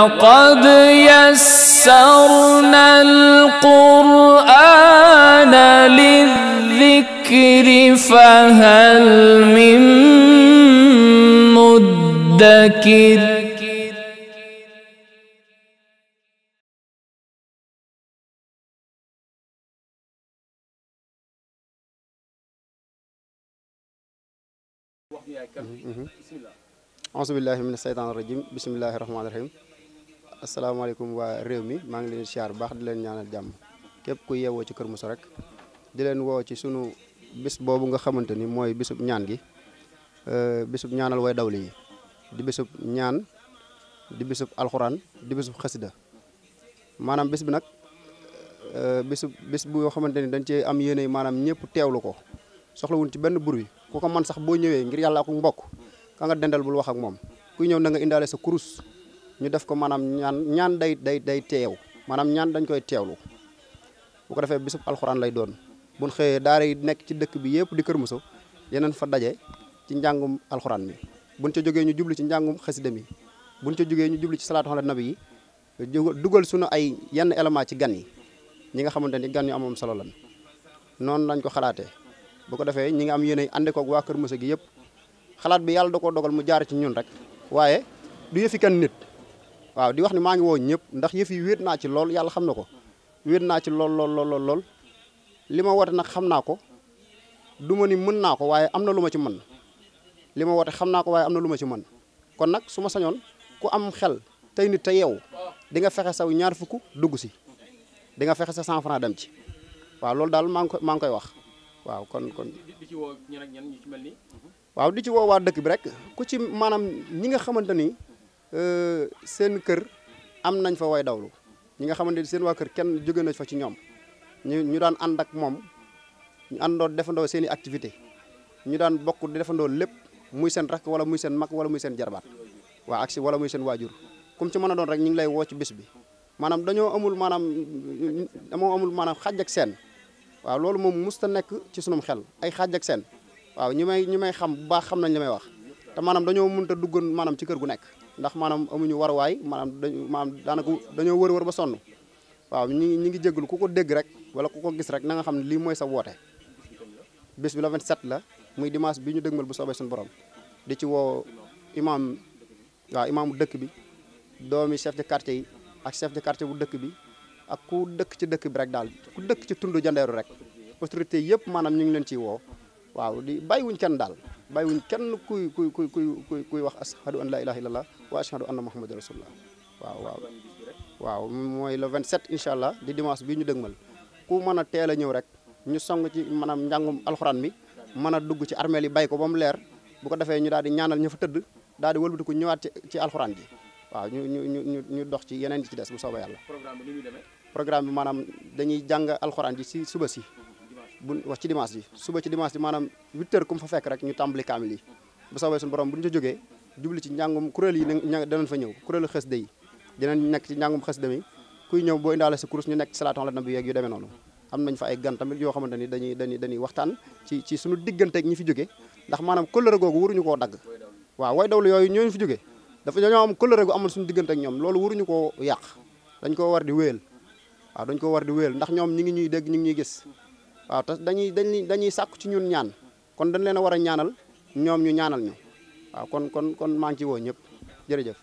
لقد يسرنا القرآن للذكر فهل من مدكر أعوذ بالله من الشيطان الرجيم بسم الله الرحمن الرحيم Assalamualaikum wa réew mi maa ngi leen jam. bax kuiya di leen ñaanal jamm kep ku yewoo ci Kër rek di leen woo ci sunu bis boobu nga xamanteni bisub ñaan gi euh, bisub ñaanal way dawli di bisub ñaan di bisub alquran, di bisub xasida manam bis bi nag euh, bisub bis bu yo xamanteni dañ cee am yene manam ñepp tewlu ko wuñ ci benn bur wi ku ko man sax bo ñewé ngir yalla ak mbokk ka nga dendal bul wax ak mom ku ñew na nga indalé sa kurus ñu def ko manam ñaan ñaan day day day tew manam ñaan dañ koy tewlu bu ko defé bisub alcorane lay doon bu xeye daara yi nek ci dëkk bi yépp di Kër Moussa yenen fa dajé ci alcorane mi ñu ci joggé ñu jublu ci njàngum xasida mi ñu ci joggé ñu jublu ci salatu ala nabi yi dugal ay yenn élément ci gan yi ñi nga xamanteni gan yu amum solo lan non lañ ko xalaté bu ko defé ñi nga am yene ay ko ak wa Kër Moussa gi yépp xalaat bi yalla da ko dogal mu jaar ci ñun rek wayé du yëfi kan nit waaw di wax ni mangi ngi woo ñëpp ndax yëf yi wéet naa ci lool yàlla xam na ko wéet naa ci lool lool lool lool li ma woote nag xam naa ko du ma ni mën ko waaye am na lu ma ci mën li ma ko waaye am na lu ma ci mën kon nag su ma ku am xel tey nit te yow di nga fexe saw ñaar fukk dugg si di nga fexe sa 100 francs dem ci waaw loolu daal maa ngi koy maa ngi koy wax waaw kon kon. di ci woo ñan ñu ci mel ni. waaw di ci woo waa dëkk bi rek ku ci maanaam ñi nga xamante Euh, seen kër am nañ fa way dawlu ñi nga xamante sen seen waa kër kenn jogé na fa ci ñom ñu ñu daan and ak mom ñu ando defando seen activité ñu daan bokku di defandoo muy seen rak wala muy seen mak wala muy seen jarbat wa aksi wala muy seen wajur kum ci mëna doon rek ñu lay wo ci bés bi manam dañu amul manam dama amul manam xajj ak seen wa loolu mom musta nek ci sunum xel ay xajj ak seen wa ñu may ñu may xam bu baax xam nañ limay wax te manam dañu mënta manam ci kër gu nek ndax maanaam amuñu waruwaay maanaam dañu maanaam daanaka dañoo wër-wër ba sonn waaw ñi ngi ñi ngi jégalu ku ko dégg rek wala ku ko gis rek nanga xam ne lii mooy sa woote bis bi la 27 la muy dimanche bi ñu dëgmal bu soobee suñu borom di ci woo imaam waaw imaamu dëkk bi doomi chef de quartier yi ak chef de quartier bu dëkk bi ak ku dëkk ci dëkk bi rek daal ku dëkk ci tund jandeeru rek autorité yëpp maanaam ñu ngi leen ciy woo waaw di bàyyiwuñ kenn daal bàyyiwuñ kenn kuy kuy kuy kuy kuy wax ashadu an la ilaha wa ashhadu anna muhammadar rasulullah waaw waaw waaw moy le 27 inshallah di dimanche bi ñu dëgmal ku mëna téla ñew rek ñu song ci manam jangum alcorane mi mëna dugg ci armel yi bay ko bam leer bu ko defee ñu daal di ñaanal ñu fa tëdd daal di wëlbutiku ñëwaat ci ci alxuraan ji waaw ñu ñu ñu ñu dox ci yenen ci dess bu soba yalla programme bi ñu démé programme bi manam dañuy jang alcorane ji ci suba ci bu wax ci dimanche ji suba ci dimanche ji manam 8h kum fa fekk rek ñu tàmbali kaamil yi bu soba sun borom bu ñu joggé jubli ci njàngum kurel yi nañ fa kurel xess de yi dinañ nekk ci xess de mi kuy ñew bo indaale ci kurus ñu nekk ci ala nabi yeeg yu demee nonu am nañ fa ay gan tamit yo xamanteni dañuy dañuy dañuy waxtaan ci ci suñu ak ñi fi joggé ndax manam kóllëre gogu waruñu ko dag wa way dawlu yoy ñooñu fi joggé dafa ñoo am kóllëre gogu amul suñu ak ñom loolu waruñu ko yaq dañ ko war di wéel wa dañ ko war di wéel ndax ñom ñi ngi ñuy dégg ñi ngi gis wa te dañuy dañuy dañuy sakku ci ñun ñaan kon dañ leena wara war ñaanal ñom ñu ñaanal ñu waaw kon kon kon maa ngi ci woo ñëpp jërëjëf